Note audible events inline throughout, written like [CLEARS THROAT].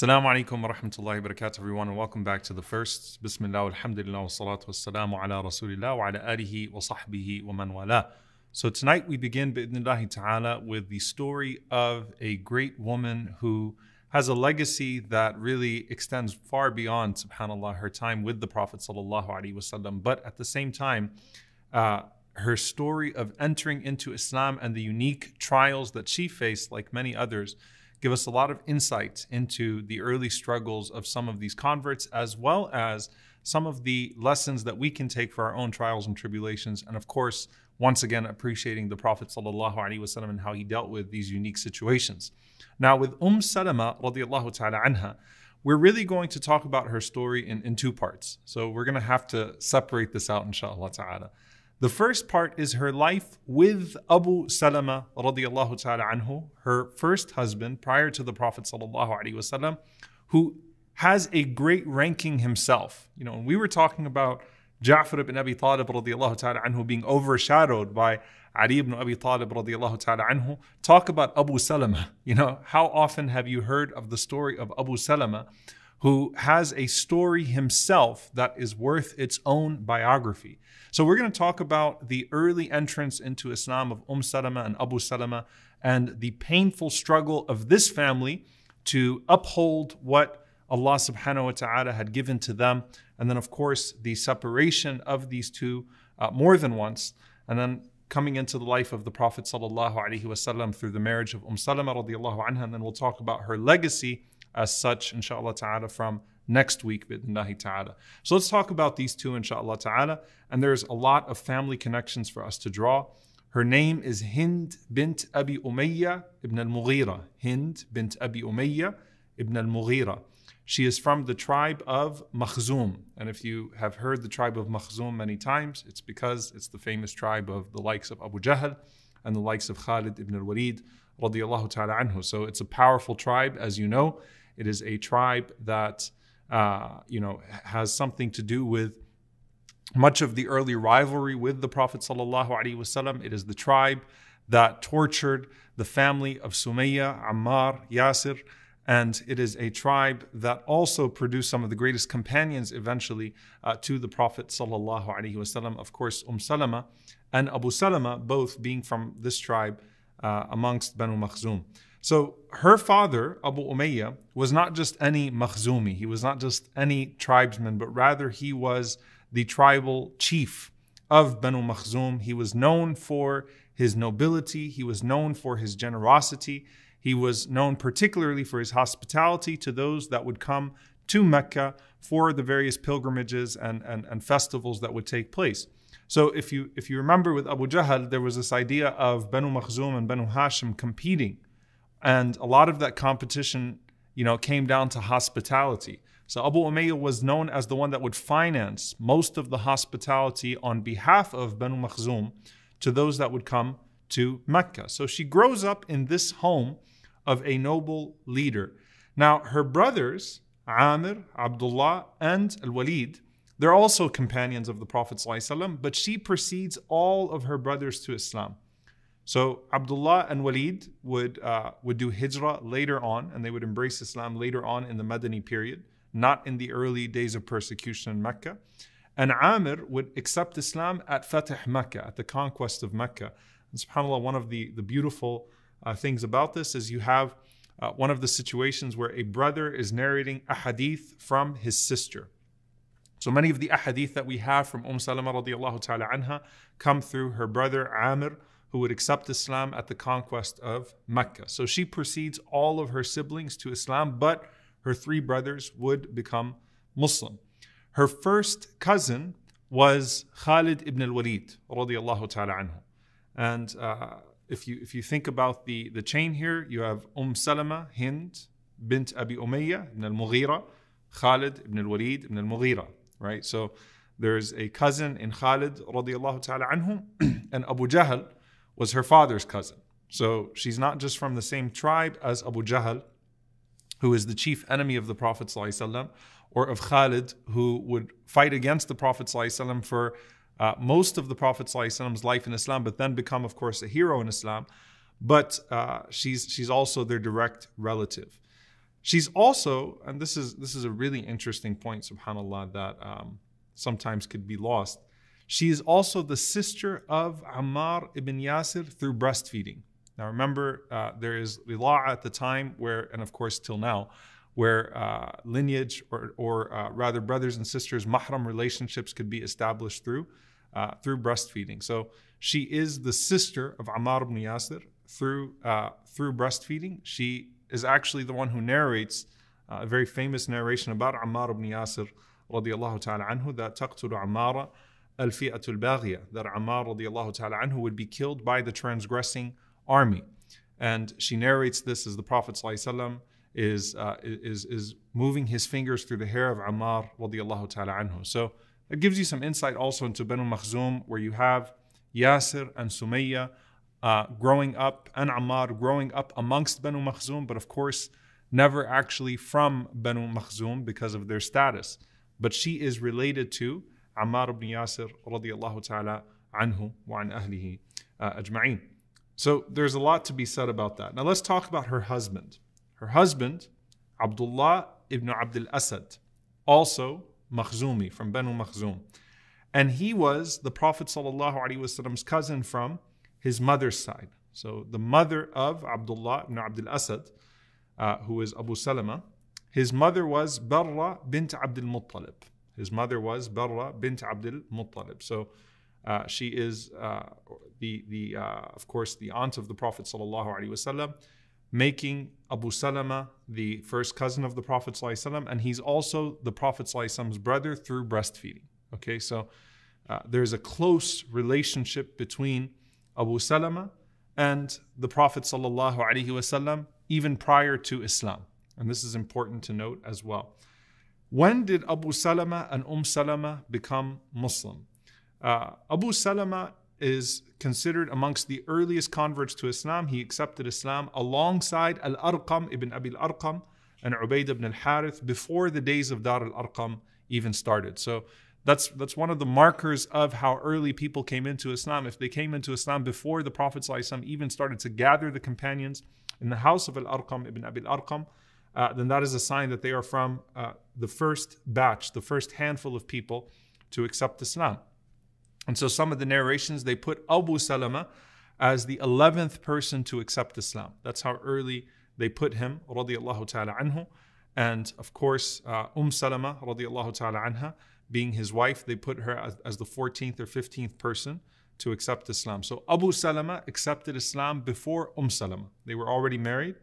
Assalamu alaikum wa rahmatullahi wa barakatuh, everyone, and welcome back to the first. Bismillah, alhamdulillah, wa salatu salamu ala rasulillah wa ala alihi wa sahbihi wa man wala. So tonight we begin, ta'ala, with the story of a great woman who has a legacy that really extends far beyond, subhanAllah, her time with the Prophet sallallahu alaihi wasallam. But at the same time, uh, her story of entering into Islam and the unique trials that she faced, like many others, give us a lot of insight into the early struggles of some of these converts, as well as some of the lessons that we can take for our own trials and tribulations. And of course, once again, appreciating the Prophet ﷺ and how he dealt with these unique situations. Now, with Umm Salama, radiallahu ta'ala anha, we're really going to talk about her story in, in two parts. So we're going to have to separate this out, inshallah ta'ala. The first part is her life with Abu Salama radiallahu ta'ala anhu, her first husband prior to the Prophet sallallahu alaihi wasallam, who has a great ranking himself. You know, when we were talking about Ja'far ibn Abi Talib radiallahu ta'ala anhu being overshadowed by Ali ibn Abi Talib radiallahu ta'ala anhu, talk about Abu Salama. You know, how often have you heard of the story of Abu Salama who has a story himself that is worth its own biography. So we're going to talk about the early entrance into Islam of Umm Salama and Abu Salama and the painful struggle of this family to uphold what Allah subhanahu wa ta'ala had given to them. And then, of course, the separation of these two uh, more than once. And then coming into the life of the Prophet sallallahu alaihi wasallam through the marriage of Umm Salama radiallahu anha. And then we'll talk about her legacy as such, inshallah ta'ala, from next week, bidnahi ta'ala. So let's talk about these two, inshallah ta'ala. And there's a lot of family connections for us to draw. Her name is Hind bint Abi Umayyah ibn al Mughira. Hind bint Abi Umayyah ibn al Mughira. She is from the tribe of Makhzum. And if you have heard the tribe of Makhzum many times, it's because it's the famous tribe of the likes of Abu Jahl and the likes of Khalid ibn al Walid radiallahu ta'ala anhu. So it's a powerful tribe, as you know. It is a tribe that uh, you know has something to do with much of the early rivalry with the Prophet sallallahu alaihi wasallam. It is the tribe that tortured the family of Sumayya, Ammar, Yasir. And it is a tribe that also produced some of the greatest companions eventually uh, to the Prophet. ﷺ. Of course, Umm Salama and Abu Salama, both being from this tribe, uh, amongst Banu Makhzum. So her father, Abu Umayyah, was not just any Makhzumi, he was not just any tribesman, but rather he was the tribal chief of Banu Makhzum. He was known for his nobility, he was known for his generosity, he was known particularly for his hospitality to those that would come to Mecca for the various pilgrimages and, and, and festivals that would take place. So if you if you remember with Abu Jahl, there was this idea of Banu Makhzum and Banu Hashim competing, and a lot of that competition, you know, came down to hospitality. So Abu Umayyah was known as the one that would finance most of the hospitality on behalf of Banu Makhzum to those that would come to Mecca. So she grows up in this home of a noble leader. Now her brothers, Amir, Abdullah, and Al Walid they're also companions of the Prophet ﷺ, but she precedes all of her brothers to Islam. So Abdullah and Walid would, uh, would do hijrah later on, and they would embrace Islam later on in the Madani period, not in the early days of persecution in Mecca. And Amir would accept Islam at Fatih Mecca, at the conquest of Mecca. And subhanAllah, one of the, the beautiful uh, things about this is you have uh, one of the situations where a brother is narrating a hadith from his sister. So many of the ahadith that we have from Umm Salama radiallahu ta'ala anha come through her brother Amr, who would accept Islam at the conquest of Mecca. So she precedes all of her siblings to Islam, but her three brothers would become Muslim. Her first cousin was Khalid ibn al-Walid radiallahu ta'ala anhu. And uh, if you if you think about the, the chain here, you have Umm Salama, Hind, bint Abi Umayyah ibn al-Mughira, Khalid ibn al-Walid ibn al-Mughira right? So there's a cousin in Khalid radiallahu ta'ala [CLEARS THROAT] and Abu Jahl was her father's cousin. So she's not just from the same tribe as Abu Jahl, who is the chief enemy of the Prophet or of Khalid, who would fight against the Prophet for uh, most of the Prophet وسلم's life in Islam, but then become, of course, a hero in Islam. But uh, she's, she's also their direct relative. She's also, and this is this is a really interesting point, subhanallah, that um, sometimes could be lost. She is also the sister of Ammar ibn Yasir through breastfeeding. Now remember, uh, there is rila'a at the time where, and of course till now, where uh, lineage or, or uh, rather brothers and sisters mahram relationships could be established through uh, through breastfeeding. So she is the sister of Ammar ibn Yasir through uh, through breastfeeding. She is actually the one who narrates uh, a very famous narration about Ammar ibn Yasir radiallahu ta'ala anhu that taqtulu Ammara al-fi'atul baghiya that Ammar radiallahu ta'ala anhu would be killed by the transgressing army. And she narrates this as the Prophet sallallahu is, uh, is, is moving his fingers through the hair of Ammar radiallahu ta'ala anhu. So it gives you some insight also into Banu Makhzum where you have Yasir and Sumayyah uh, growing up, and Ammar growing up amongst Banu Makhzum, but of course, never actually from Banu Makhzum because of their status. But she is related to Ammar ibn Yasir radiallahu ta'ala anhu wa an ahlihi uh, ajma'in. So there's a lot to be said about that. Now let's talk about her husband. Her husband, Abdullah ibn Abdul Asad, also Makhzumi from Banu Makhzum. And he was the Prophet Prophet's cousin from his mother's side. So the mother of Abdullah ibn Abdul Asad, uh, who is Abu Salama, his mother was Barra bint Abdul Muttalib. His mother was Barra bint Abdul Muttalib. So uh, she is uh, the, the uh, of course the aunt of the Prophet sallallahu alaihi wasallam, making Abu Salama the first cousin of the Prophet sallallahu and he's also the Prophet sallallahu brother through breastfeeding. Okay, so uh, there's a close relationship between Abu Salama, and the Prophet وسلم, even prior to Islam. And this is important to note as well. When did Abu Salama and Umm Salama become Muslim? Uh, Abu Salama is considered amongst the earliest converts to Islam. He accepted Islam alongside Al Arqam ibn Abi Al Arqam and Ubayd ibn Al Harith before the days of Dar Al Arqam even started. So that's that's one of the markers of how early people came into Islam. If they came into Islam before the Prophet ﷺ even started to gather the companions in the house of Al Arqam ibn Abi Al Arqam, uh, then that is a sign that they are from uh, the first batch, the first handful of people to accept Islam. And so some of the narrations they put Abu Salama as the 11th person to accept Islam. That's how early they put him, radiallahu ta'ala anhu. And of course, uh, Umm Salama, radiallahu ta'ala anha, being his wife, they put her as, as the 14th or 15th person to accept Islam. So Abu Salama accepted Islam before Umm Salama. They were already married.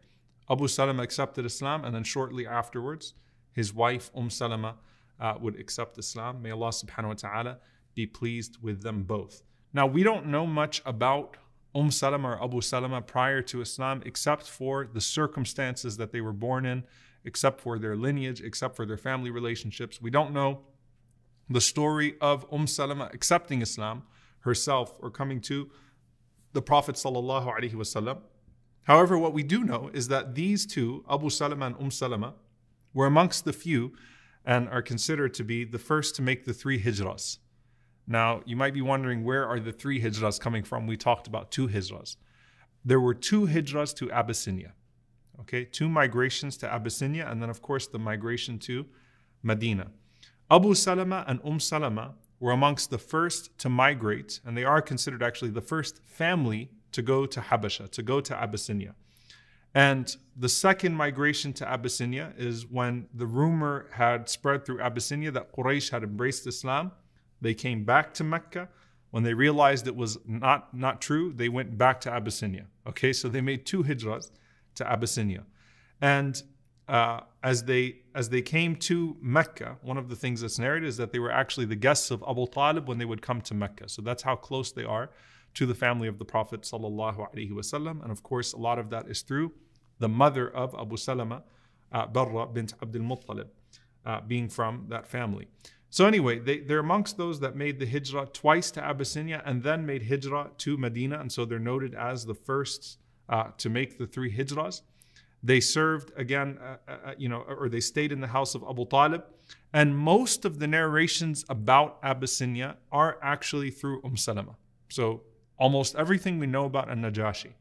Abu Salama accepted Islam, and then shortly afterwards, his wife Umm Salama uh, would accept Islam. May Allah subhanahu wa ta'ala be pleased with them both. Now, we don't know much about Umm Salama or Abu Salama prior to Islam, except for the circumstances that they were born in, except for their lineage, except for their family relationships. We don't know the story of Umm Salama accepting Islam herself or coming to the Prophet sallallahu However, what we do know is that these two, Abu Salama and Umm Salama, were amongst the few and are considered to be the first to make the three hijras. Now, you might be wondering where are the three hijras coming from? We talked about two hijras. There were two hijras to Abyssinia, okay, two migrations to Abyssinia, and then, of course, the migration to Medina. Abu Salama and Umm Salama were amongst the first to migrate, and they are considered actually the first family to go to Habasha, to go to Abyssinia. And the second migration to Abyssinia is when the rumor had spread through Abyssinia that Quraysh had embraced Islam. They came back to Mecca. When they realized it was not, not true, they went back to Abyssinia. Okay, so they made two hijras to Abyssinia. And uh, as they as they came to Mecca, one of the things that's narrated is that they were actually the guests of Abu Talib when they would come to Mecca. So that's how close they are to the family of the Prophet And of course, a lot of that is through the mother of Abu Salama, uh, Barra bint Abdul Muttalib, uh, being from that family. So anyway, they, they're amongst those that made the hijrah twice to Abyssinia and then made hijrah to Medina. And so they're noted as the first uh, to make the three hijrahs. They served again, uh, uh, uh, you know, or they stayed in the house of Abu Talib. And most of the narrations about Abyssinia are actually through Umm Salama. So almost everything we know about an Najashi.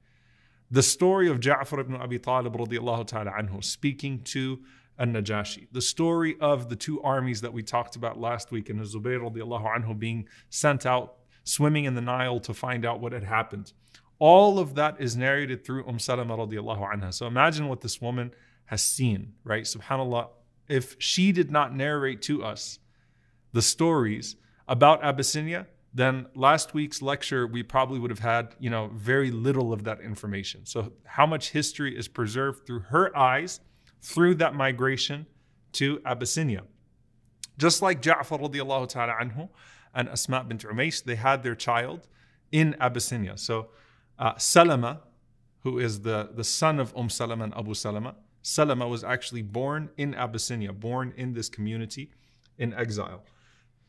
The story of Ja'far ibn Abi Talib ta'ala anhu speaking to an Najashi. The story of the two armies that we talked about last week and Zubayr radiallahu anhu being sent out swimming in the Nile to find out what had happened. All of that is narrated through Umm Salama radiallahu anha. So imagine what this woman has seen, right? SubhanAllah. If she did not narrate to us the stories about Abyssinia, then last week's lecture we probably would have had you know very little of that information so how much history is preserved through her eyes through that migration to abyssinia just like ja'far radiallahu ta'ala anhu and asma bint umaysh they had their child in abyssinia so uh, Salama, who is the, the son of Umm Salama and Abu Salama, Salama was actually born in Abyssinia, born in this community in exile.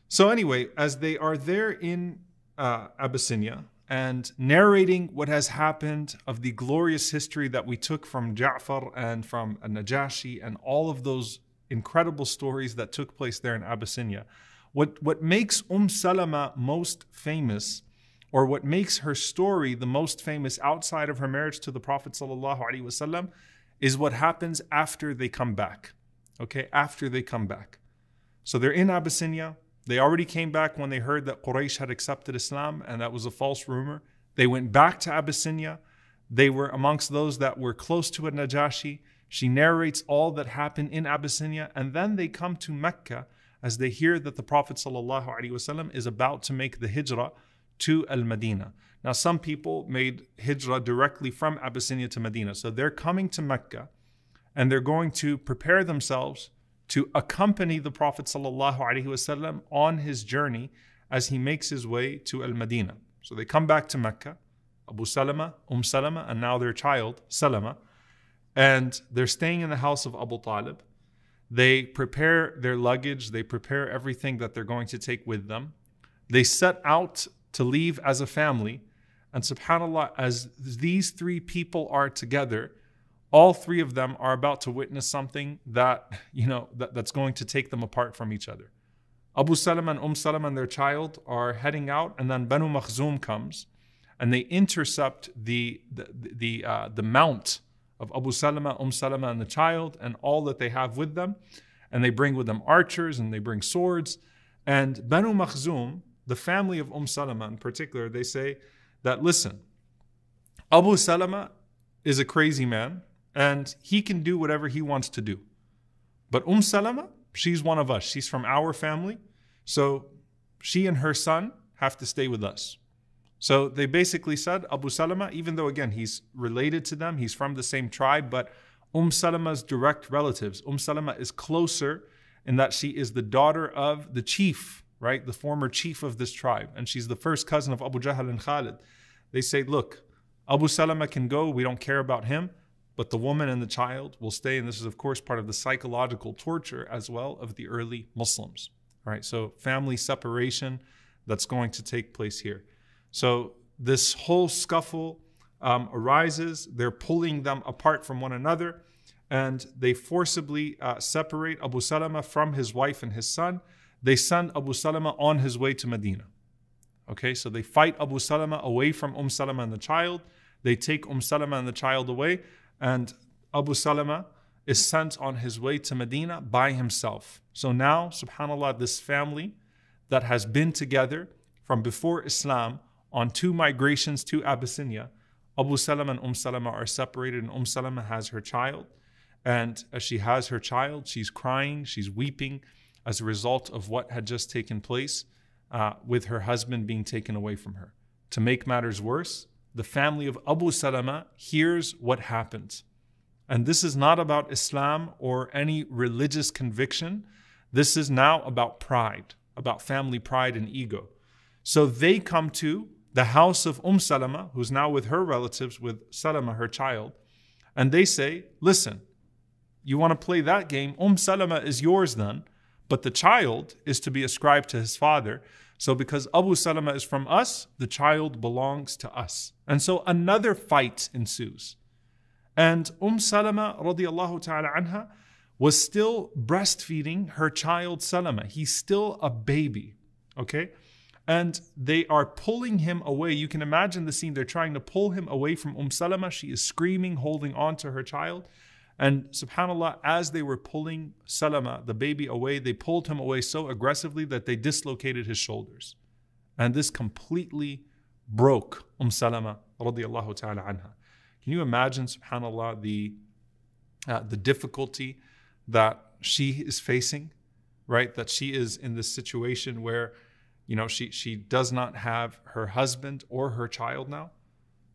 So, anyway, as they are there in uh, Abyssinia and narrating what has happened of the glorious history that we took from Ja'far and from Najashi and all of those incredible stories that took place there in Abyssinia, what, what makes Umm Salama most famous or what makes her story the most famous outside of her marriage to the Prophet وسلم, is what happens after they come back. Okay, after they come back. So they're in Abyssinia. They already came back when they heard that Quraysh had accepted Islam, and that was a false rumor. They went back to Abyssinia. They were amongst those that were close to Najashi. She narrates all that happened in Abyssinia, and then they come to Mecca as they hear that the Prophet ﷺ is about to make the hijrah to Al Medina. Now, some people made hijrah directly from Abyssinia to Medina. So they're coming to Mecca and they're going to prepare themselves to accompany the Prophet ﷺ on his journey as he makes his way to Al Medina. So they come back to Mecca, Abu Salama, Umm Salama, and now their child, Salama, and they're staying in the house of Abu Talib. They prepare their luggage, they prepare everything that they're going to take with them. They set out to leave as a family. And subhanAllah, as these three people are together, all three of them are about to witness something that, you know, that, that's going to take them apart from each other. Abu Salam and Umm Salam and their child are heading out, and then Banu Makhzum comes and they intercept the, the, the, uh, the mount of Abu Salama, Umm Salama, and the child, and all that they have with them. And they bring with them archers and they bring swords. And Banu Makhzum the family of Umm Salama in particular, they say that listen, Abu Salama is a crazy man and he can do whatever he wants to do. But Umm Salama, she's one of us. She's from our family. So she and her son have to stay with us. So they basically said Abu Salama, even though again he's related to them, he's from the same tribe, but Umm Salama's direct relatives. Umm Salama is closer in that she is the daughter of the chief right? The former chief of this tribe, and she's the first cousin of Abu Jahl and Khalid. They say, look, Abu Salama can go, we don't care about him, but the woman and the child will stay. And this is, of course, part of the psychological torture as well of the early Muslims, right? So family separation that's going to take place here. So this whole scuffle um, arises. They're pulling them apart from one another, and they forcibly uh, separate Abu Salama from his wife and his son they send Abu Salama on his way to Medina. Okay, so they fight Abu Salama away from Umm Salama and the child. They take Umm Salama and the child away, and Abu Salama is sent on his way to Medina by himself. So now, subhanAllah, this family that has been together from before Islam on two migrations to Abyssinia, Abu Salama and Umm Salama are separated, and Umm Salama has her child. And as she has her child, she's crying, she's weeping as a result of what had just taken place uh, with her husband being taken away from her. To make matters worse, the family of Abu Salama hears what happened. And this is not about Islam or any religious conviction. This is now about pride, about family pride and ego. So they come to the house of Umm Salama, who's now with her relatives, with Salama, her child, and they say, Listen, you want to play that game? Umm Salama is yours then but the child is to be ascribed to his father. So, because Abu Salama is from us, the child belongs to us. And so another fight ensues. And Umm Salama radiallahu ta'ala anha was still breastfeeding her child Salama. He's still a baby, okay? And they are pulling him away. You can imagine the scene. They're trying to pull him away from Umm Salama. She is screaming, holding on to her child. And subhanAllah, as they were pulling Salama, the baby, away, they pulled him away so aggressively that they dislocated his shoulders. And this completely broke Umm Salama radiallahu ta'ala anha. Can you imagine, subhanAllah, the, uh, the difficulty that she is facing, right? That she is in this situation where, you know, she, she does not have her husband or her child now.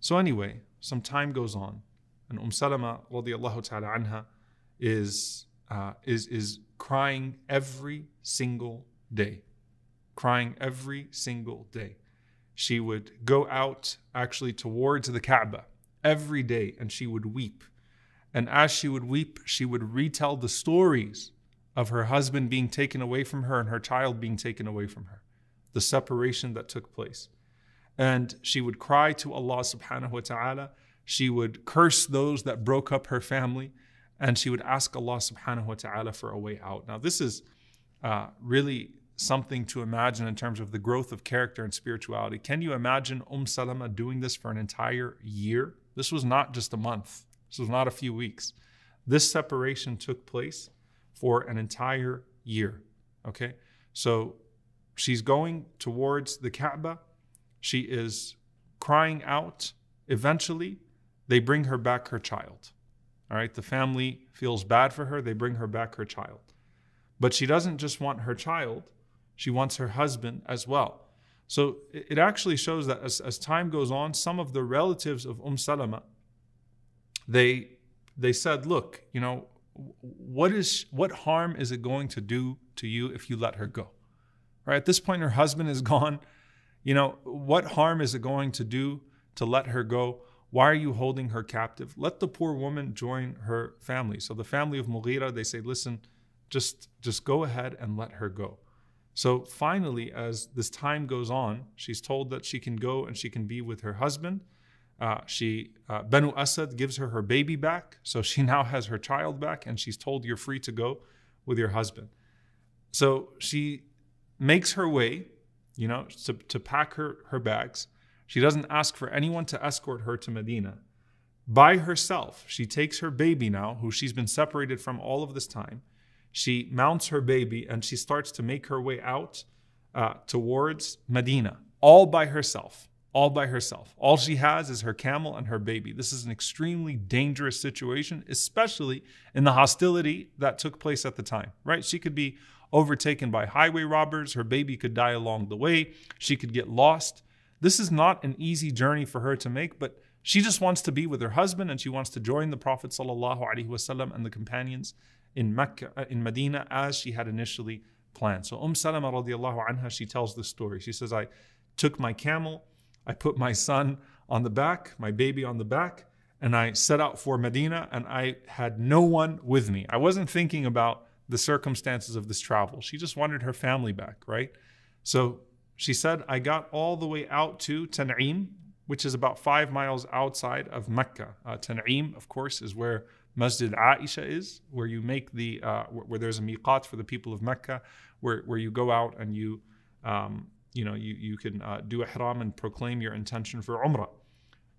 So, anyway, some time goes on and Umm Salama radiallahu ta'ala anha is, uh, is, is crying every single day. Crying every single day. She would go out actually towards the Kaaba every day and she would weep. And as she would weep, she would retell the stories of her husband being taken away from her and her child being taken away from her, the separation that took place. And she would cry to Allah subhanahu wa ta'ala she would curse those that broke up her family, and she would ask Allah subhanahu wa ta'ala for a way out. Now, this is uh, really something to imagine in terms of the growth of character and spirituality. Can you imagine Umm Salama doing this for an entire year? This was not just a month, this was not a few weeks. This separation took place for an entire year. Okay? So she's going towards the Kaaba. She is crying out eventually they bring her back her child. All right, the family feels bad for her. They bring her back her child. But she doesn't just want her child, she wants her husband as well. So it actually shows that as, as time goes on, some of the relatives of Umm Salama, they they said, look, you know, what is what harm is it going to do to you if you let her go? Right? At this point, her husband is [LAUGHS] gone. You know, what harm is it going to do to let her go? Why are you holding her captive? Let the poor woman join her family. So the family of Mughira, they say, listen, just, just go ahead and let her go. So finally, as this time goes on, she's told that she can go and she can be with her husband. Uh, she uh, Benu Asad gives her her baby back, so she [LAUGHS] now has her child back, and she's told you're free to go with your husband. So she makes her way, you know, to, to pack her her bags, she doesn't ask for anyone to escort her to Medina. By herself, she takes her baby now, who she's been separated from all of this time. She mounts her baby and she starts to make her way out uh, towards Medina, all by herself. All by herself. All she has is her camel and her baby. This is an extremely dangerous situation, especially in the hostility that took place at the time, right? She could be overtaken by highway robbers. Her baby could die along the way. She could get lost. This is not an easy journey for her to make, but she just wants to be with her husband and she wants to join the Prophet وسلم, and the companions in Mecca, uh, in Medina as she had initially planned. So Umm Salama radiallahu anha, she tells this story. She says, I took my camel, I put my son on the back, my baby on the back, and I set out for Medina and I had no one with me. I wasn't thinking about the circumstances of this travel. She just wanted her family back, right? So she said, I got all the way out to Tan'im, which is about five miles outside of Mecca. Uh, Tan'im, of course, is where Masjid Aisha is, where you make the, uh, where there's a miqat for the people of Mecca, where, where you go out and you, um, you know, you, you can uh, do haram and proclaim your intention for Umrah.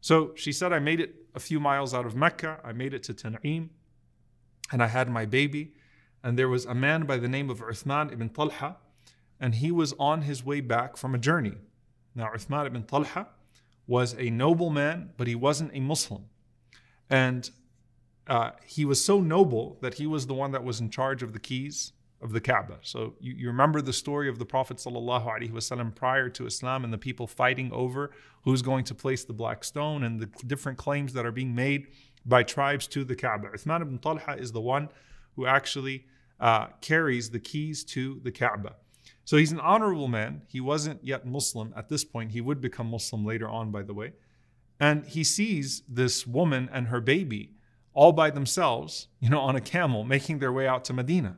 So she said, I made it a few miles out of Mecca. I made it to Tan'im and I had my baby. And there was a man by the name of Uthman ibn Talha and he was on his way back from a journey. Now, Uthman ibn Talha was a noble man, but he wasn't a Muslim. And uh, he was so noble that he was the one that was in charge of the keys of the Kaaba. So you, you remember the story of the Prophet ﷺ prior to Islam and the people fighting over who's going to place the black stone and the different claims that are being made by tribes to the Kaaba. Uthman ibn Talha is the one who actually uh, carries the keys to the Kaaba. So he's an honorable man. He wasn't yet Muslim at this point. He would become Muslim later on, by the way. And he sees this woman and her baby all by themselves, you know, on a camel, making their way out to Medina.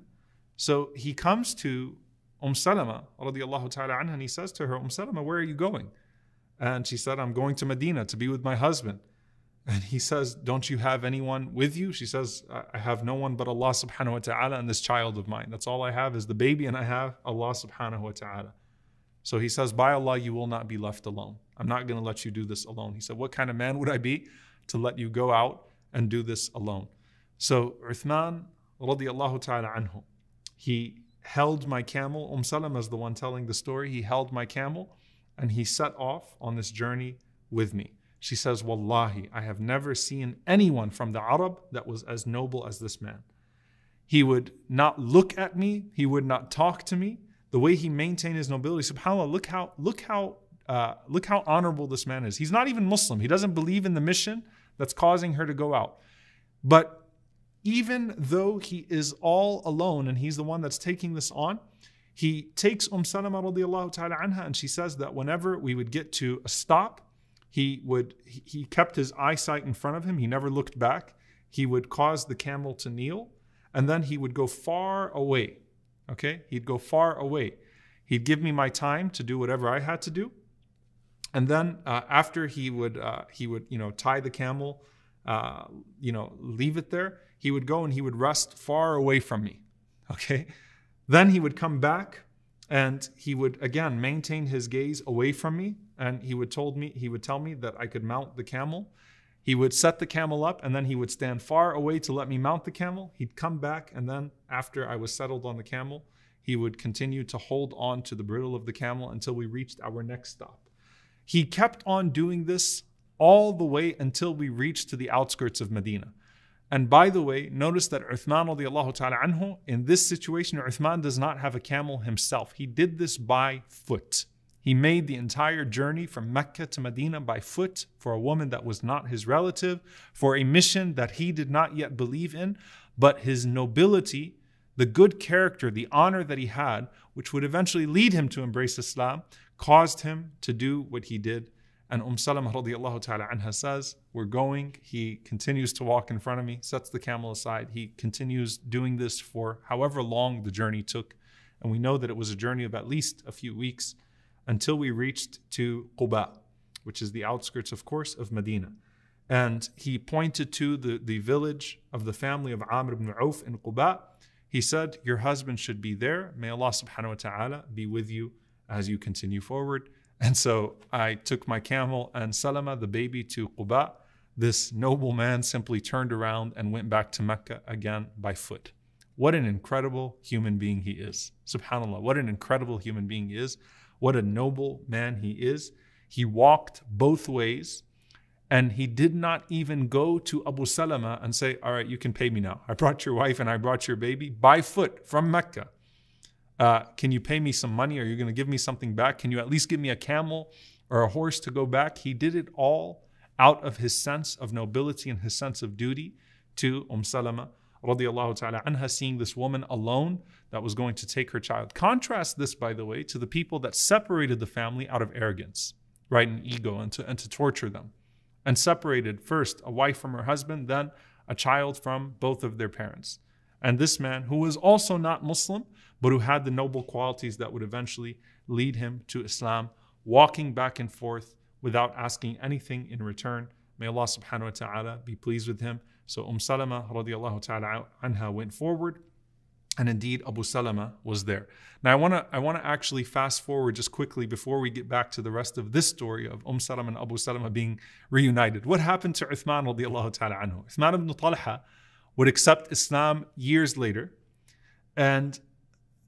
So he comes to Umm Salama, radiallahu ta'ala anha, and he says to her, Umm Salama, where are you going? And she said, I'm going to Medina to be with my husband. And he says, Don't you have anyone with you? She says, I have no one but Allah subhanahu wa ta'ala and this child of mine. That's all I have is the baby, and I have Allah subhanahu wa ta'ala. So he says, By Allah, you will not be left alone. I'm not going to let you do this alone. He said, What kind of man would I be to let you go out and do this alone? So Uthman radiallahu ta'ala anhu, he held my camel. Umm Salam is the one telling the story. He held my camel and he set off on this journey with me. She says, Wallahi, I have never seen anyone from the Arab that was as noble as this man. He would not look at me, he would not talk to me. The way he maintained his nobility, subhanAllah, look how, look how, uh, look how honorable this man is. He's not even Muslim. He doesn't believe in the mission that's causing her to go out. But even though he is all alone and he's the one that's taking this on, he takes Umm Salama radiallahu ta'ala anha and she says that whenever we would get to a stop, he would he kept his eyesight in front of him. He never looked back. He would cause the camel to kneel, and then he would go far away. Okay, he'd go far away. He'd give me my time to do whatever I had to do, and then uh, after he would uh, he would you know tie the camel, uh, you know leave it there. He would go and he would rest far away from me. Okay, then he would come back and he would again maintain his gaze away from me and he would told me he would tell me that I could mount the camel. He would set the camel up and then he would stand far away to let me mount the camel. He'd come back and then after I was settled on the camel, he would continue to hold on to the bridle of the camel until we reached our next stop. He kept on doing this all the way until we reached to the outskirts of Medina. And by the way, notice that Uthman ta'ala anhu, in this situation, Uthman does not have a camel himself. He did this by foot. He made the entire journey from Mecca to Medina by foot for a woman that was not his relative, for a mission that he did not yet believe in, but his nobility, the good character, the honor that he had, which would eventually lead him to embrace Islam, caused him to do what he did. And Umm Salam radiallahu ta'ala anha says, We're going. He continues to walk in front of me, sets the camel aside. He continues doing this for however long the journey took. And we know that it was a journey of at least a few weeks until we reached to Quba, which is the outskirts, of course, of Medina. And he pointed to the, the village of the family of Amr ibn Auf in Quba. He said, Your husband should be there. May Allah subhanahu wa ta'ala be with you as you continue forward. [LAUGHS] And so I took my camel and Salama, the baby, to Quba. This noble man simply turned around and went back to Mecca again by foot. What an incredible human being he is. SubhanAllah, what an incredible human being he is. What a noble man he is. He walked both ways. And he did not even go to Abu Salama and say, All right, you can pay me now. I brought your wife and I brought your baby by foot from Mecca. Uh, can you pay me some money? Are you going to give me something back? Can you at least give me a camel or a horse to go back? He did it all out of his sense of nobility and his sense of duty to Umm Salama radiallahu ta'ala seeing this woman alone that was going to take her child. Contrast this, by the way, to the people that separated the family out of arrogance, right, and ego, and to, and to torture them, and separated first a wife from her husband, then a child from both of their parents. And this man, who was also not Muslim, but who had the noble qualities that would eventually lead him to Islam, walking back and forth without asking anything in return. May Allah subhanahu wa ta'ala be pleased with him. So Umm Salama radiallahu ta'ala anha went forward and indeed Abu Salama was there. Now I want to I want to actually fast forward just quickly before we get back to the rest of this story of Umm Salama and Abu Salama being reunited. What happened to Uthman radiallahu ta'ala anhu? Uthman ibn Talha would accept Islam years later and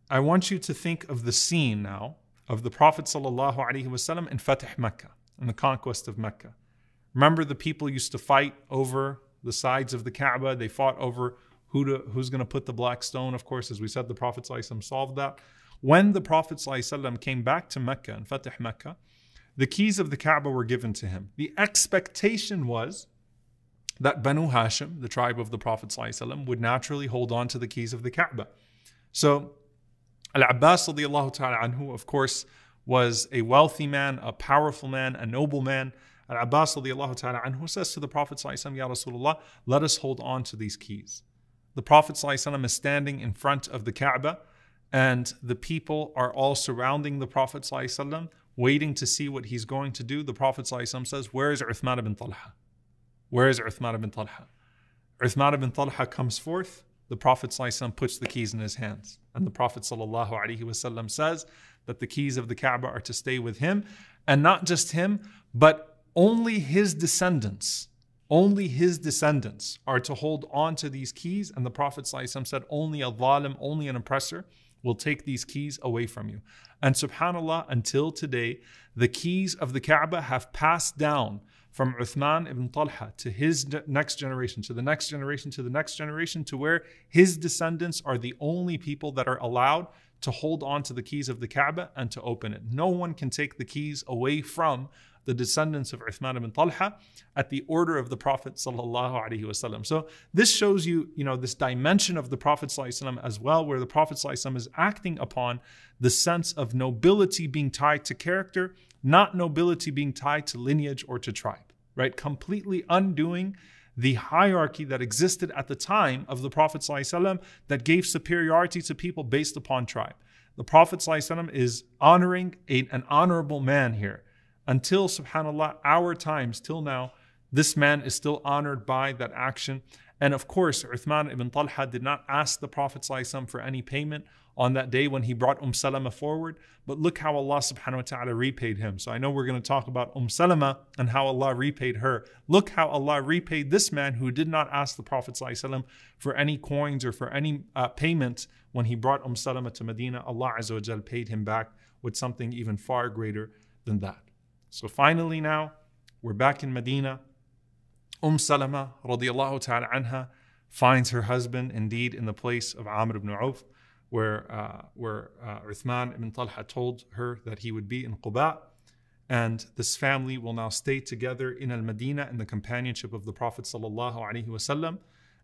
I want you to think of the scene now of the Prophet sallallahu alaihi wasallam in Fatih Mecca, in the conquest of Mecca. Remember the people used to fight over the sides of the Kaaba. They fought over who to, who's going to put the black stone. Of course, as we said, the Prophet ﷺ solved that. When the Prophet ﷺ came back to Mecca and Fatih Mecca, the keys of the Kaaba were given to him. The expectation was that Banu Hashim, the tribe of the Prophet ﷺ, would naturally hold on to the keys of the Kaaba. So Al-Abbas of course, was a wealthy man, a powerful man, a noble man, and Abbas ta'ala anhu says to the Prophet, Ya Rasulullah, let us hold on to these keys. The Prophet ﷺ is standing in front of the Kaaba, and the people are all surrounding the Prophet ﷺ, waiting to see what he's going to do. The Prophet ﷺ says, Where is Uthman ibn Talha? Where is Uthman ibn Talha? Uthman ibn Talha comes forth. The Prophet ﷺ puts the keys in his hands. And the Prophet ﷺ says that the keys of the Kaaba are to stay with him. And not just him, but only his descendants, only his descendants are to hold on to these keys. And the Prophet said, only a zalim, only an oppressor will take these keys away from you. And subhanAllah, until today, the keys of the Kaaba have passed down from Uthman ibn Talha to his next generation, to the next generation, to the next generation, to where his descendants are the only people that are allowed to hold on to the keys of the Kaaba and to open it. No one can take the keys away from the descendants of Uthman ibn Talha at the order of the Prophet sallallahu alaihi wasallam. So this shows you, you know, this dimension of the Prophet sallallahu as well, where the Prophet sallallahu is acting upon the sense of nobility being tied to character, not nobility being tied to lineage or to tribe, right? Completely undoing the hierarchy that existed at the time of the Prophet ﷺ that gave superiority to people based upon tribe. The Prophet ﷺ is honoring a, an honorable man here until, subhanAllah, our times, till now, this man is still honored by that action. And of course, Uthman ibn Talha did not ask the Prophet ﷺ for any payment on that day when he brought Umm Salama forward. But look how Allah subhanahu wa ta'ala repaid him. So I know we're going to talk about Umm Salama and how Allah repaid her. Look how Allah repaid this man who did not ask the Prophet ﷺ for any coins or for any uh, payment when he brought Umm Salama to Medina. Allah Azza paid him back with something even far greater than that. So finally now, we're back in Medina. Umm Salama radiallahu ta'ala anha finds her husband indeed in the place of Amr ibn Auf where, uh, where uh, Uthman ibn Talha told her that he would be in Quba. And this family will now stay together in Al Medina in the companionship of the Prophet. wasallam,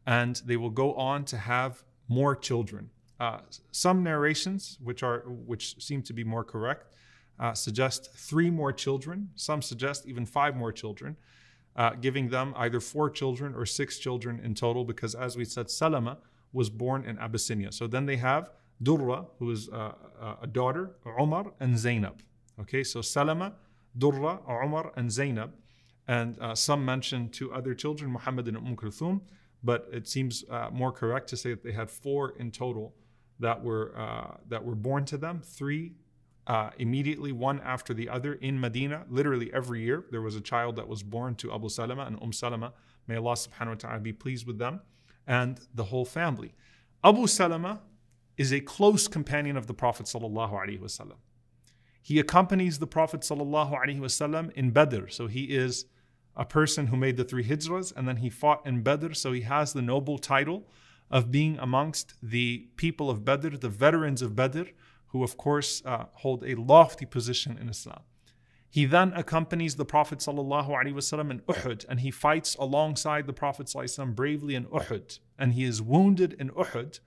and they will go on to have more children. Uh, some narrations, which, are, which seem to be more correct, uh, suggest three more children. Some suggest even five more children, uh, giving them either four children or six children in total, because as we said, Salama was born in Abyssinia. So then they have Durra, who is uh, uh a daughter, Umar, and Zainab. Okay, so Salama, Durra, Umar, and Zainab. And uh, some mention two other children, Muhammad and Umm Kulthum, but it seems uh, more correct to say that they had four in total that were, that were born to them, three uh, immediately, one after the other, in Medina. Literally every year, there was a child that was born to Abu Salama and Umm Salama. May Allah subhanahu wa ta'ala be pleased with them and the whole family. Abu Salama is a close companion of the Prophet. He accompanies the Prophet in Badr, so he is a person who made the three hijras and then he fought in Badr, so he has the noble title of being amongst the people of Badr, the veterans of Badr, who, of course, uh, hold a lofty position in Islam. He then accompanies the Prophet ﷺ in Uhud and he fights alongside the Prophet ﷺ bravely in Uhud. And he is wounded in Uhud.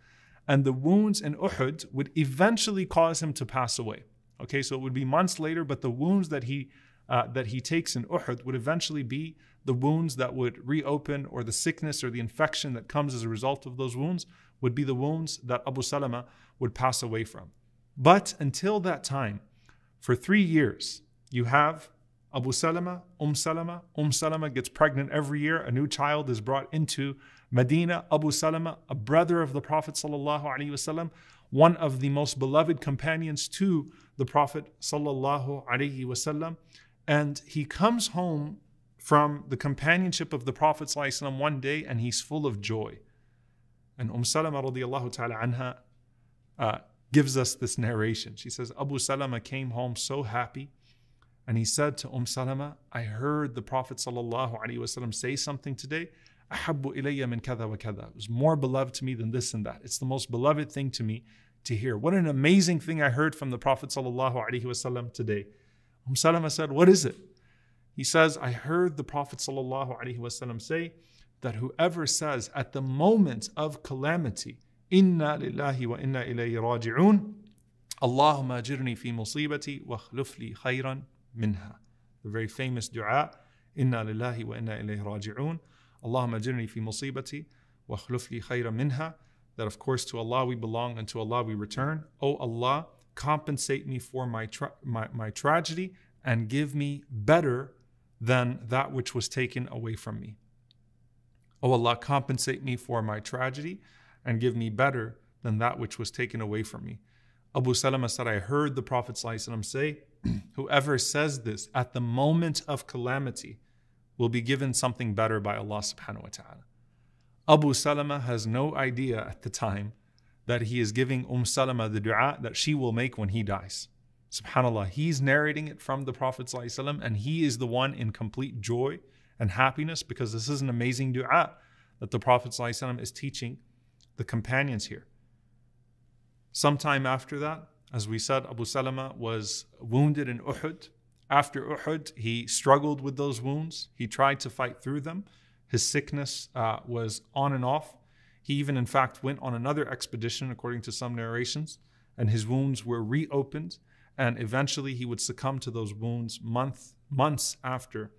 And the wounds in Uhud would eventually cause him to pass away. Okay, so it would be months later, but the wounds that he uh, that he takes in Uhud would eventually be the wounds that would reopen, or the sickness or the infection that comes as a result of those wounds would be the wounds that Abu Salama would pass away from. But until that time, for three years, you have Abu Salama, Umm Salama. Umm Salama gets pregnant every year. A new child is brought into Medina. Abu Salama, a brother of the Prophet sallallahu one of the most beloved companions to the Prophet sallallahu and he comes home from the companionship of the Prophet sallallahu one day, and he's full of joy. And Umm Salama radiallahu ta'ala anha. Uh, gives us this narration. She says, Abu Salama came home so happy. And he said to Umm Salama, I heard the Prophet say something today. Ahabbu ilayya min kada wa kada. It was more beloved to me than this and that. It's the most beloved thing to me to hear. What an amazing thing I heard from the Prophet today. Umm Salama said, What is it? He says, I heard the Prophet say that whoever says at the moment of calamity, إنا لله وإنا إليه راجعون اللهم أجرني في مصيبتي واخلف لي خيرا منها The very famous dua إنا لله وإنا إليه راجعون اللهم أجرني في مصيبتي واخلف لي خيرا منها That of course to Allah we belong and to Allah we return O Allah compensate me for my, tra- my, my tragedy and give me better than that which was taken away from me. O Allah, compensate me for my tragedy and give me better than that which was taken away from me. Abu Salama said, I heard the Prophet ﷺ say, [CLEARS THROAT] Whoever says this at the moment of calamity will be given something better by Allah subhanahu wa ta'ala. Abu Salama has no idea at the time that he is giving Umm Salama the dua that she will make when he dies. Subhanallah, he's narrating it from the Prophet ﷺ, and he is the one in complete joy and happiness because this is an amazing dua that the Prophet ﷺ is teaching the companions here. Sometime after that, as we said, Abu Salama was wounded in Uhud. After Uhud, he struggled with those wounds. He tried to fight through them. His sickness uh, was on and off. He even, in fact, went on another expedition, according to some narrations, and his wounds were reopened. And eventually, he would succumb to those wounds month, months after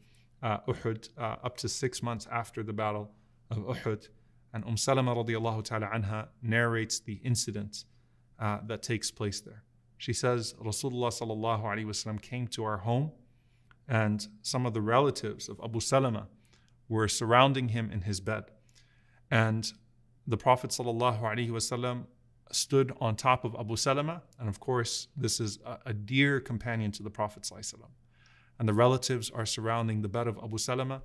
uh, Uhud, uh, up to six months after the Battle of Uhud. And Umm Salama radiallahu ta'ala anha narrates the incident uh, that takes place there. She says, Rasulullah sallallahu alayhi wasallam came to our home and some of the relatives of Abu Salama were surrounding him in his bed. And the Prophet sallallahu alayhi wasallam stood on top of Abu Salama. And of course, this is a, a dear companion to the Prophet sallallahu alayhi wasallam. And the relatives are surrounding the bed of Abu Salama.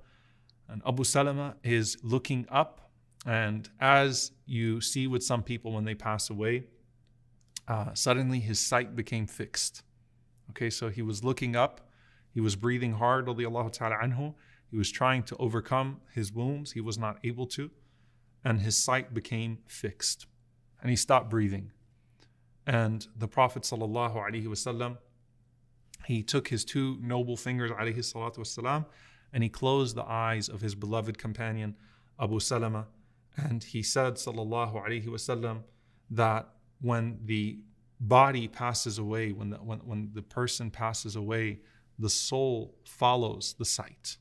And Abu Salama is looking up and as you see with some people when they pass away, uh, suddenly his sight became fixed. Okay, so he was looking up, he was breathing hard, ta'ala anhu. He was trying to overcome his wounds, he was not able to, and his sight became fixed. And he stopped breathing. And the Prophet sallallahu alaihi wasallam, he took his two noble fingers alayhi and he closed the eyes of his beloved companion Abu Salama and he said, Sallallahu Alaihi Wasallam, that when the body passes away, when the, when, when the person passes away, the soul follows the sight.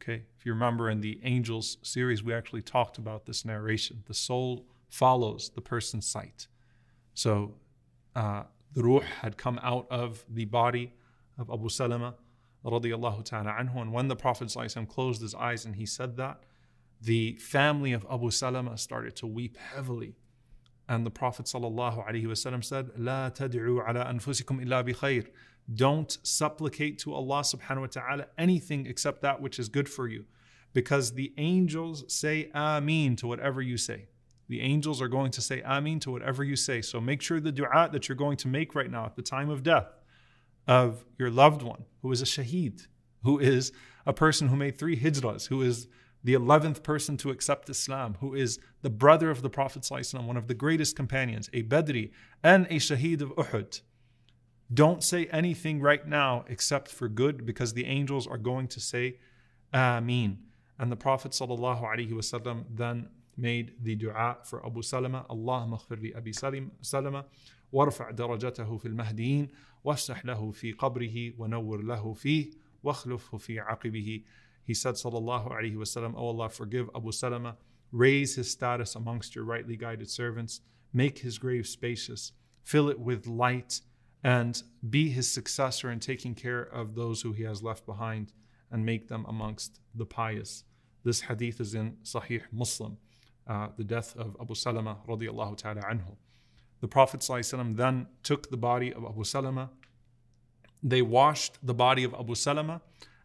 Okay, if you remember in the angels series, we actually talked about this narration. The soul follows the person's sight. So uh, the ruh had come out of the body of Abu Salama radiallahu ta'ala anhu. And when the Prophet closed his eyes and he said that, the family of Abu Salama started to weep heavily. And the Prophet ﷺ said, La tad'u ala أنفسكم إلا بخير." Don't supplicate to Allah subhanahu wa ta'ala anything except that which is good for you. Because the angels say Ameen to whatever you say. The angels are going to say Ameen to whatever you say. So make sure the dua that you're going to make right now at the time of death of your loved one who is a shaheed, who is a person who made three hijras, who is the 11th person to accept Islam, who is the brother of the Prophet, one of the greatest companions, a Badri and a Shaheed of Uhud. Don't say anything right now except for good because the angels are going to say Ameen. And the Prophet وسلم, then made the dua for Abu Salama, Allah maghfir Abi Salama, وارفع درجته في المهديين، وافسح fi في قبره ونور له فيه، واخلفه في he said, Sallallahu Alaihi Wasallam, O Allah, forgive Abu Salama, raise his status amongst your rightly guided servants, make his grave spacious, fill it with light, and be his successor in taking care of those who he has left behind and make them amongst the pious. This hadith is in Sahih Muslim, uh, the death of Abu Salama radiallahu ta'ala anhu. The Prophet then took the body of Abu Salama. They washed the body of Abu Salama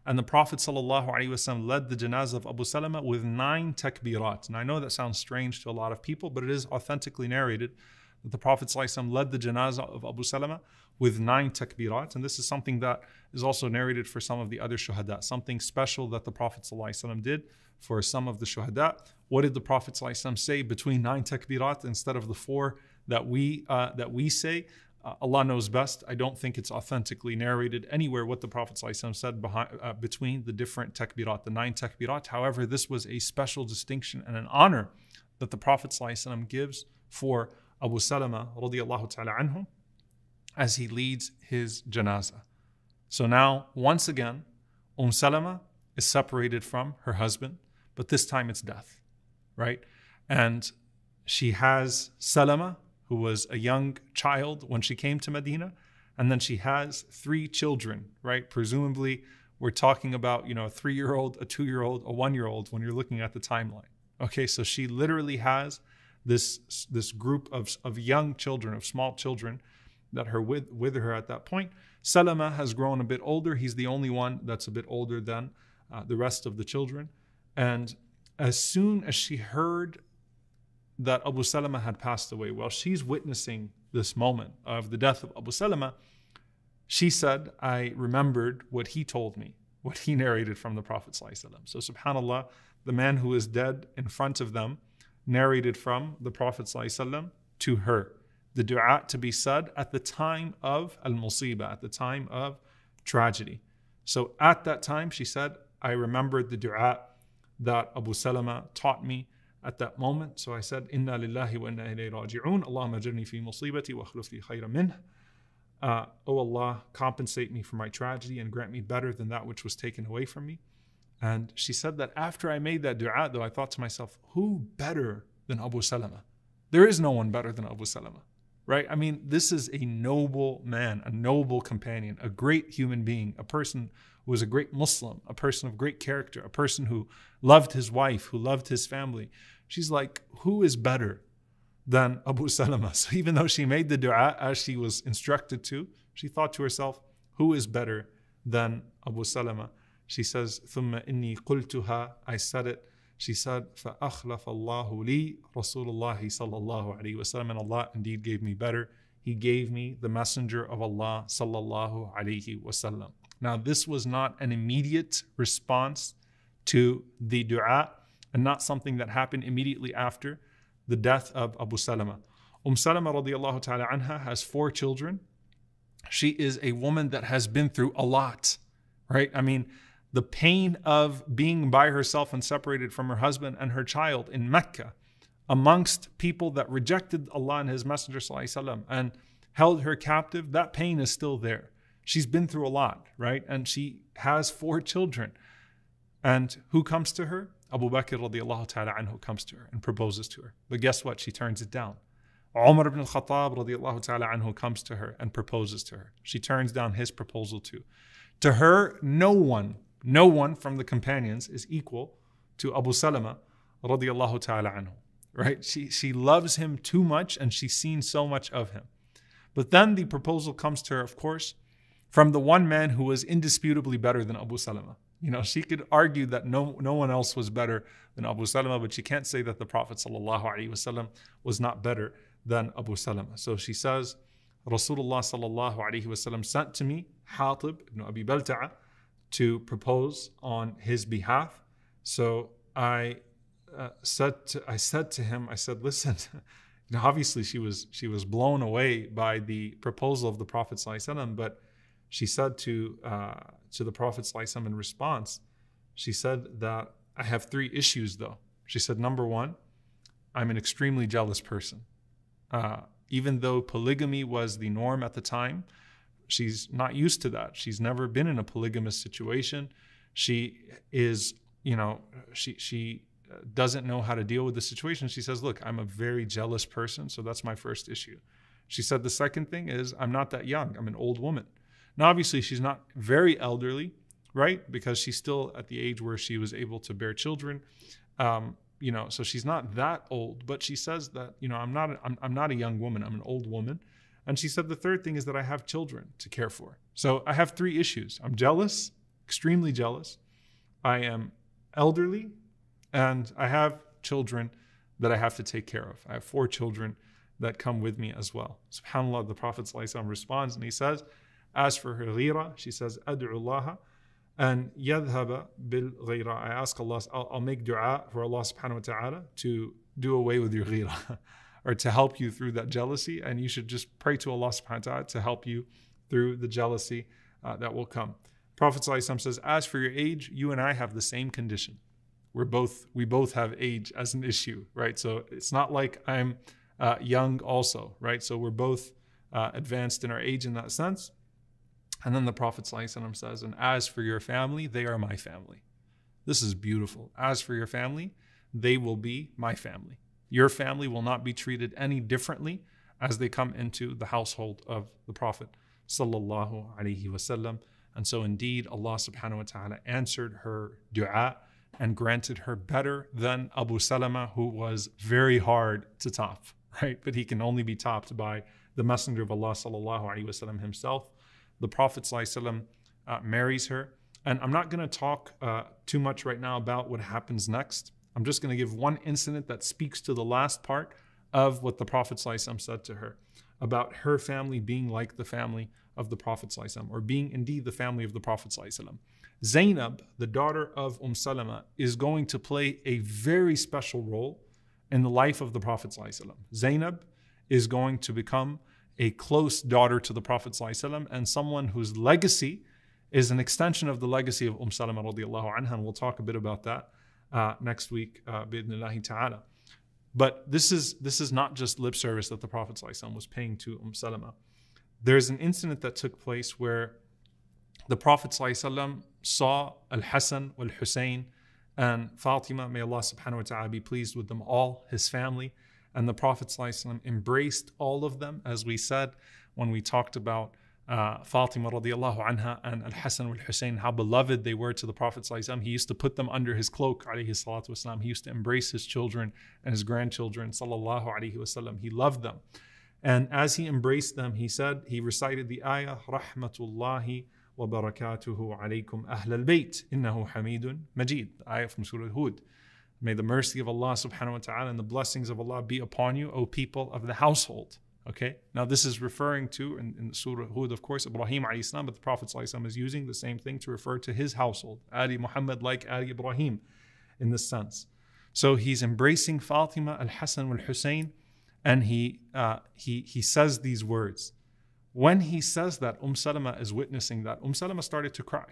and the Prophet ﷺ led the janazah of Abu Salama with nine takbirat. And I know that sounds strange to a lot of people, but it is authentically narrated that the Prophet ﷺ led the janazah of Abu Salama with nine takbirat. And this is something that is also narrated for some of the other shuhada, something special that the Prophet ﷺ did for some of the shuhada. What did the Prophet ﷺ say between nine takbirat instead of the four that we, uh, that we say? Uh, Allah knows best. I don't think it's authentically narrated anywhere what the Prophet ﷺ said behind, uh, between the different takbirat, the nine takbirat. However, this was a special distinction and an honor that the Prophet ﷺ gives for Abu Salama ta'ala anhu as he leads his janazah. So now, once again, Umm Salama is separated from her husband, but this time it's death, right? And she has Salama who was a young child when she came to Medina. And then she has three children, right? Presumably, we're talking about, you know, a three year old, a two year old, a one year old when you're looking at the timeline. Okay, so she literally has this, this group of, of young children, of small children that are with, with her at that point. Salama has grown a bit older. He's the only one that's a bit older than uh, the rest of the children. And as soon as she heard that Abu Salama had passed away. While she's witnessing this moment of the death of Abu Salama, she said, I remembered what he told me, what he narrated from the Prophet. So, subhanAllah, the man who is dead in front of them narrated from the Prophet to her. The dua to be said at the time of al musiba, at the time of tragedy. So, at that time, she said, I remembered the dua that Abu Salama taught me at that moment. So I said, Inna lillahi wa inna ilayhi raji'un. Allahumma jirni fi musibati wa akhluf khayra minh. Uh, o Allah, compensate me for my tragedy and grant me better than that which was taken away from me. And she said that after I made that dua, though, I thought to myself, who better than Abu Salama? There is no one better than Abu Salama, right? I mean, this is a noble man, a noble companion, a great human being, a person who was a great Muslim, a person of great character, a person who loved his wife, who loved his family. She's like, who is better than Abu [LAUGHS] Salama? So even though she made the dua as she was instructed to, she thought to herself, who is better than Abu Salama? She says, "Thumma inni قُلْتُهَا I said it. She said, فَأَخْلَفَ اللَّهُ لِي رَسُولُ اللَّهِ صَلَّى اللَّهُ عَلَيْهِ وَسَلَّمَ And Allah indeed gave me better. He gave me the messenger of Allah صلى الله عليه وسلم. Now, this was not an immediate response to the dua and not something that happened immediately after the death of Abu Salama. Umm Salama radiallahu ta'ala anha has four children. She is a woman that has been through a lot, right? I mean, the pain of being by herself and separated from her husband and her child in Mecca amongst people that rejected Allah and His Messenger وسلم, and held her captive, that pain is still there. She's been through a lot, right? And she has four children. And who comes to her? Abu Bakr radiallahu ta'ala anhu comes to her and proposes to her. But guess what? She turns it down. Umar ibn al-Khattab radiallahu ta'ala anhu comes to her and proposes to her. She turns down his proposal too. To her, no one, no one from the companions is equal to Abu Salama radiallahu ta'ala anhu. Right? She, she loves him too much and she's seen so much of him. But then the proposal comes to her, of course, from the one man who was indisputably better than Abu Salama. You know, she could argue that no, no one else was better than Abu Salama, but she can't say that the Prophet ﷺ was not better than Abu Salama. So she says, Rasulullah ﷺ sent to me Hatib ibn Abi Balta'a to propose on his behalf. So I uh, said, to, I said to him, I said, listen, [LAUGHS] you know, obviously she was she was blown away by the proposal of the Prophet ﷺ, but she said to uh, to the Prophet ﷺ in response, she said that I have three issues though. She said, number one, I'm an extremely jealous person. Uh, even though polygamy was the norm at the time, she's not used to that. She's never been in a polygamous situation. She is, you know, she she doesn't know how to deal with the situation. She says, "Look, I'm a very jealous person, so that's my first issue." She said the second thing is, "I'm not that young. I'm an old woman." Now, obviously, she's not very elderly, right? Because she's still at the age where she was able to bear children. Um, you know, so she's not that old, but she says that, you know, I'm not, a, I'm, I'm not a young woman, I'm an old woman. And she said the third thing is that I have children to care for. So I have three issues I'm jealous, extremely jealous. I am elderly, and I have children that I have to take care of. I have four children that come with me as well. SubhanAllah, the Prophet ﷺ responds and he says, as for her ghira, she says, Ad'u and yadhaba bil ghira. I ask Allah, I'll, I'll, make dua for Allah subhanahu wa ta'ala to do away with your ghira [LAUGHS] or to help you through that jealousy. And you should just pray to Allah subhanahu wa ta'ala to help you through the jealousy uh, that will come. Prophet says, As for your age, you and I have the same condition. We're both, we both have age as an issue, right? So it's not like I'm uh, young also, right? So we're both uh, advanced in our age in that sense. And then the Prophet ﷺ says, And as for your family, they are my family. This is beautiful. As for your family, they will be my family. Your family will not be treated any differently as they come into the household of the Prophet. ﷺ. And so indeed Allah subhanahu wa ta'ala answered her dua and granted her better than Abu Salama, who was very hard to top, [LAUGHS] right? But he can only be topped by the Messenger of Allah sallallahu alayhi wasallam himself the Prophet ﷺ, uh, marries her. And I'm not going to talk uh, too much right now about what happens next. I'm just going to give one incident that speaks to the last part of what the Prophet ﷺ said to her about her family being like the family of the Prophet ﷺ, or being indeed the family of the Prophet. ﷺ. Zainab, the daughter of Umm Salama, is going to play a very special role in the life of the Prophet. ﷺ. Zainab is going to become a close daughter to the Prophet ﷺ and someone whose legacy is an extension of the legacy of Umm Salama radiallahu anha. And we'll talk a bit about that uh, next week, uh, ta'ala. But this is, this is not just lip service that the Prophet ﷺ was paying to Umm Salama. There's an incident that took place where the Prophet ﷺ saw Al Hassan, Al Hussein, and Fatima, may Allah subhanahu wa ta'ala be pleased with them all, his family and the Prophet ﷺ embraced all of them, as we said when we talked about uh, Fatima radiallahu anha and Al Hassan al Hussein, how beloved they were to the Prophet. ﷺ. He used to put them under his cloak, he used to embrace his children and his grandchildren. He loved them. And as he embraced them, he said, he recited the ayah, Rahmatullahi wa barakatuhu alaykum ahlal al bayt, innahu hamidun majid, ayah from Surah Hud. May the mercy of Allah subhanahu wa ta'ala and the blessings of Allah be upon you, O people of the household. Okay, now this is referring to, in, in Surah Hud, of course, Ibrahim alayhi but the Prophet alayhi is using the same thing to refer to his household, Ali Muhammad like Ali Ibrahim in this sense. So he's embracing Fatima, Al Hassan, Al Hussein, and he, uh, he, he says these words. When he says that, Umm Salama is witnessing that. Umm Salama started to cry.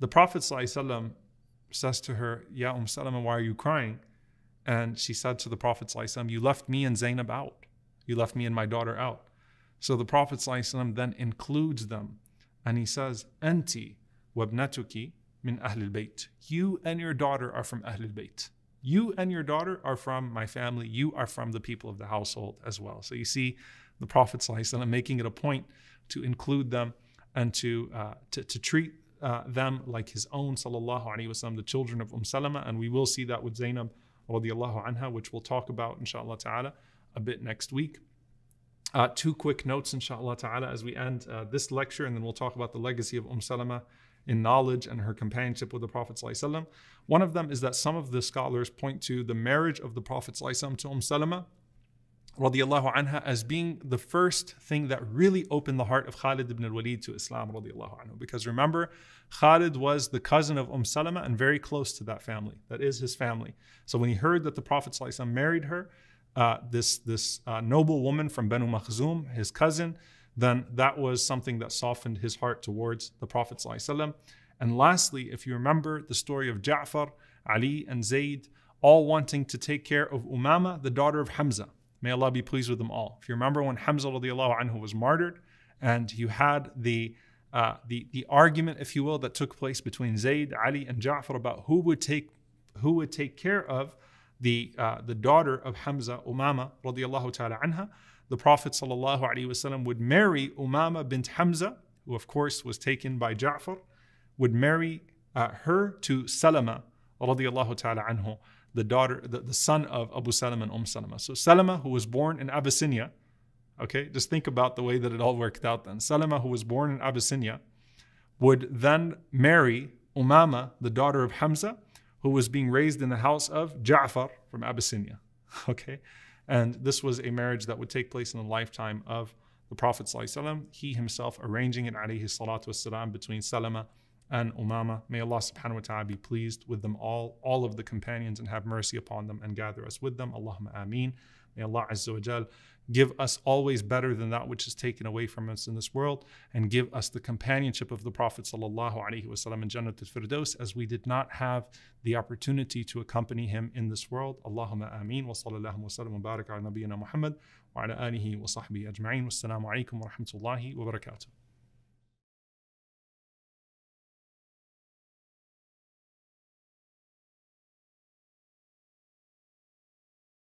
The Prophet وسلم, says to her, Ya Umm Salama, why are you crying? And she said to the Prophet, ﷺ, You left me and Zainab out. You left me and my daughter out. So the Prophet ﷺ then includes them and he says, Anti wabnatuki min Ahlul Bayt. You and your daughter are from Ahlul Bayt. You and your daughter are from my family. You are from the people of the household as well. So you see the Prophet ﷺ making it a point to include them and to, uh, to, to treat uh, them like his own, sallallahu alaihi wasallam, the children of Umm Salama, and we will see that with Zainab radiallahu anha, which we'll talk about inshallah ta'ala a bit next week. Uh, two quick notes inshallah ta'ala as we end uh, this lecture, and then we'll talk about the legacy of Umm Salama in knowledge and her companionship with the Prophet One of them is that some of the scholars point to the marriage of the Prophet ﷺ to Umm Salama radiallahu anha as being the first thing that really opened the heart of Khalid ibn al-Walid to Islam radiallahu anhu. Because remember, Khalid was the cousin of Umm Salama and very close to that family. That is his family. So when he heard that the Prophet ﷺ married her, uh, this, this uh, noble woman from Banu Makhzum, his cousin, then that was something that softened his heart towards the Prophet ﷺ. And lastly, if you remember the story of Ja'far, Ali and Zayd, all wanting to take care of Umama, the daughter of Hamza. May Allah be pleased with them all. If you remember when Hamza radiallahu anhu was martyred and you had the, uh, the, the argument, if you will, that took place between Zayd, Ali, and Ja'far about who would take, who would take care of the, uh, the daughter of Hamza, Umama radiallahu ta'ala anha. The Prophet sallallahu alaihi wasallam would marry Umama bint Hamza, who of course was taken by Ja'far, would marry uh, her to Salama radiallahu ta'ala anhu the daughter, the, the son of Abu Salama and Umm Salama. So Salama, who was born in Abyssinia, okay, just think about the way that it all worked out then. Salama, who was born in Abyssinia, would then marry Umama, the daughter of Hamza, who was being raised in the house of Ja'far from Abyssinia. [LAUGHS] Okay? And this was a marriage that would take place in the lifetime of the Prophet. ﷺ, he himself arranging it alayhi salatu wasalam between Salama and Umama. May Allah subhanahu wa ta'ala be pleased with them all, all of the companions, and have mercy upon them and gather us with them. Allahumma ameen. May Allah Azza wa Jal give us always better than that which is taken away from us in this world and give us the companionship of the Prophet sallallahu alaihi wasallam in Jannat al-Firdaus as we did not have the opportunity to accompany him in this world. Allahumma ameen wa sallallahu wa wa barak ala nabiyyina Muhammad wa ala alihi wa sahbihi ajma'in. Wassalamu alaikum wa rahmatullahi wa barakatuh.